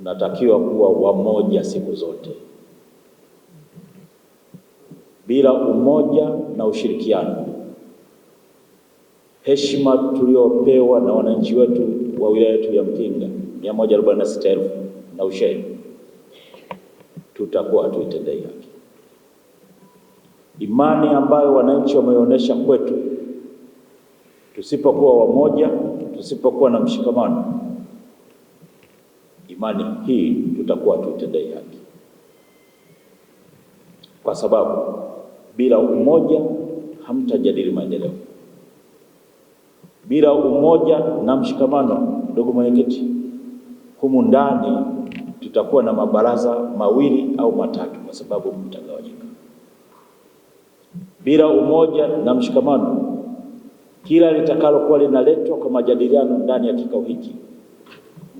tunatakiwa kuwa wamoja siku zote. Bila umoja na ushirikiano, heshima tuliyopewa na wananchi wetu wa wilaya yetu ya Mkinga 146,000 na ushehe, tutakuwa hatuitendei haki. Imani ambayo wananchi wameonyesha kwetu, tusipokuwa wamoja, tusipokuwa na mshikamano imani hii tutakuwa tutendei haki, kwa sababu bila umoja hamtajadili maendeleo, bila umoja na mshikamano. Ndugu mwenyekiti, humu ndani tutakuwa na mabaraza mawili au matatu, kwa sababu mtagawanyika. Bila umoja na mshikamano, kila litakalokuwa linaletwa kwa majadiliano ndani ya kikao hiki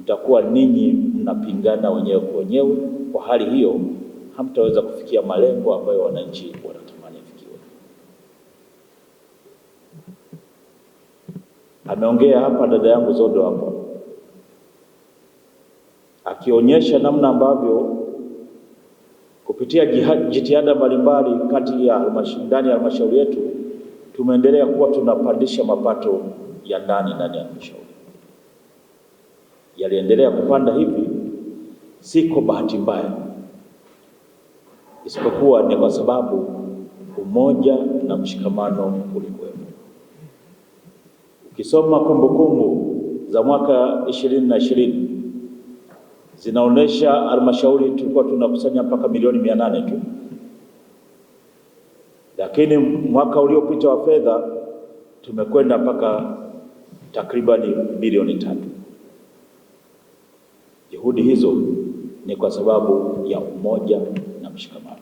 mtakuwa ninyi mnapingana wenyewe kwa wenyewe. Kwa hali hiyo, hamtaweza kufikia malengo ambayo wananchi wanatamani afikiwe. Ameongea hapa dada yangu Zodo hapa akionyesha namna ambavyo kupitia jitihada mbalimbali kati ya ndani ya halmashauri yetu tumeendelea kuwa tunapandisha mapato ya ndani ndani ya halmashauri yaliendelea kupanda hivi, siko bahati mbaya, isipokuwa ni kwa sababu umoja na mshikamano ulikuwepo. Ukisoma kumbukumbu za mwaka ishirini na ishirini zinaonyesha halmashauri tulikuwa tunakusanya mpaka milioni mia nane tu, lakini mwaka uliopita wa fedha tumekwenda mpaka takribani bilioni tatu. Juhudi hizo ni kwa sababu ya umoja na mshikamano.